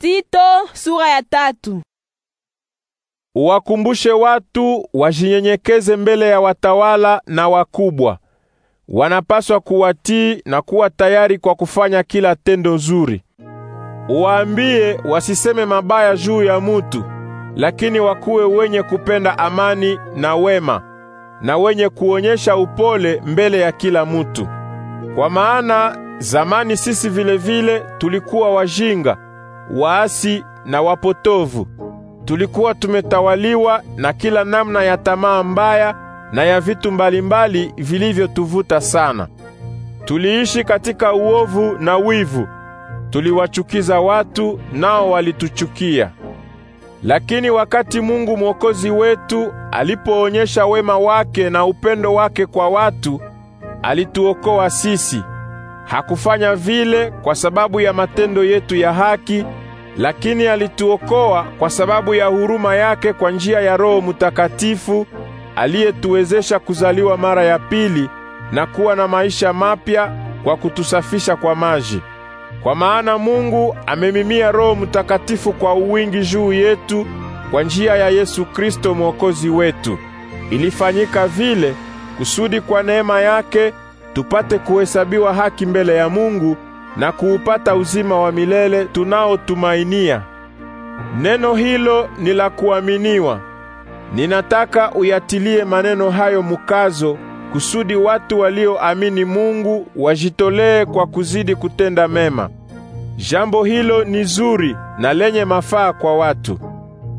Tito sura ya tatu. Uwakumbushe watu wajinyenyekeze mbele ya watawala na wakubwa. Wanapaswa kuwatii na kuwa tayari kwa kufanya kila tendo zuri. Uwaambie wasiseme mabaya juu ya mutu, lakini wakuwe wenye kupenda amani na wema na wenye kuonyesha upole mbele ya kila mutu. Kwa maana zamani sisi vile vile tulikuwa wajinga waasi na wapotovu. Tulikuwa tumetawaliwa na kila namna ya tamaa mbaya na ya vitu mbalimbali vilivyotuvuta sana. Tuliishi katika uovu na wivu. Tuliwachukiza watu nao walituchukia. Lakini wakati Mungu Mwokozi wetu alipoonyesha wema wake na upendo wake kwa watu, alituokoa sisi. Hakufanya vile kwa sababu ya matendo yetu ya haki, lakini alituokoa kwa sababu ya huruma yake kwa njia ya Roho Mutakatifu aliyetuwezesha kuzaliwa mara ya pili na kuwa na maisha mapya kwa kutusafisha kwa maji. Kwa maana Mungu amemimia Roho Mtakatifu kwa uwingi juu yetu kwa njia ya Yesu Kristo mwokozi wetu. Ilifanyika vile kusudi kwa neema yake tupate kuhesabiwa haki mbele ya Mungu na kuupata uzima wa milele tunaotumainia. Neno hilo ni la kuaminiwa. Ninataka uyatilie maneno hayo mukazo kusudi watu walioamini Mungu wajitolee kwa kuzidi kutenda mema. Jambo hilo ni zuri na lenye mafaa kwa watu.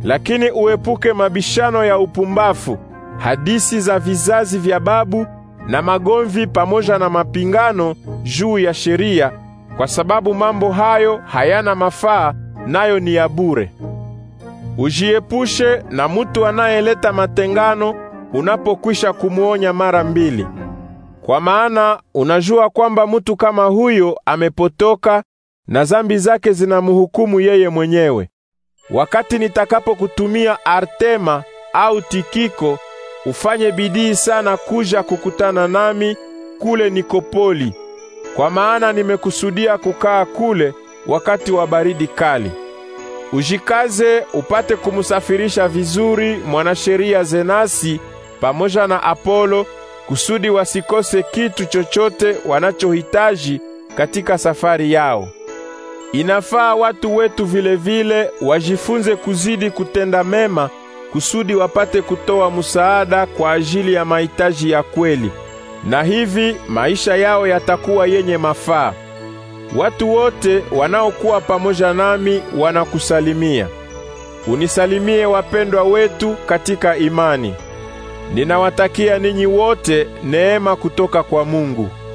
Lakini uepuke mabishano ya upumbafu, hadisi za vizazi vya babu na magomvi pamoja na mapingano juu ya sheria, kwa sababu mambo hayo hayana mafaa, nayo ni ya bure. Ujiepushe na mutu anayeleta matengano unapokwisha kumwonya mara mbili, kwa maana unajua kwamba mutu kama huyo amepotoka na zambi zake zinamhukumu yeye mwenyewe. Wakati nitakapokutumia Artema au Tikiko ufanye bidii sana kuja kukutana nami kule Nikopoli, kwa maana nimekusudia kukaa kule wakati wa baridi kali. Ujikaze upate kumsafirisha vizuri mwanasheria Zenasi pamoja na Apolo kusudi wasikose kitu chochote wanachohitaji katika safari yao. Inafaa watu wetu vilevile vile wajifunze kuzidi kutenda mema kusudi wapate kutoa musaada kwa ajili ya mahitaji ya kweli, na hivi maisha yao yatakuwa yenye mafaa. Watu wote wanaokuwa pamoja nami wanakusalimia. Unisalimie wapendwa wetu katika imani. Ninawatakia ninyi wote neema kutoka kwa Mungu.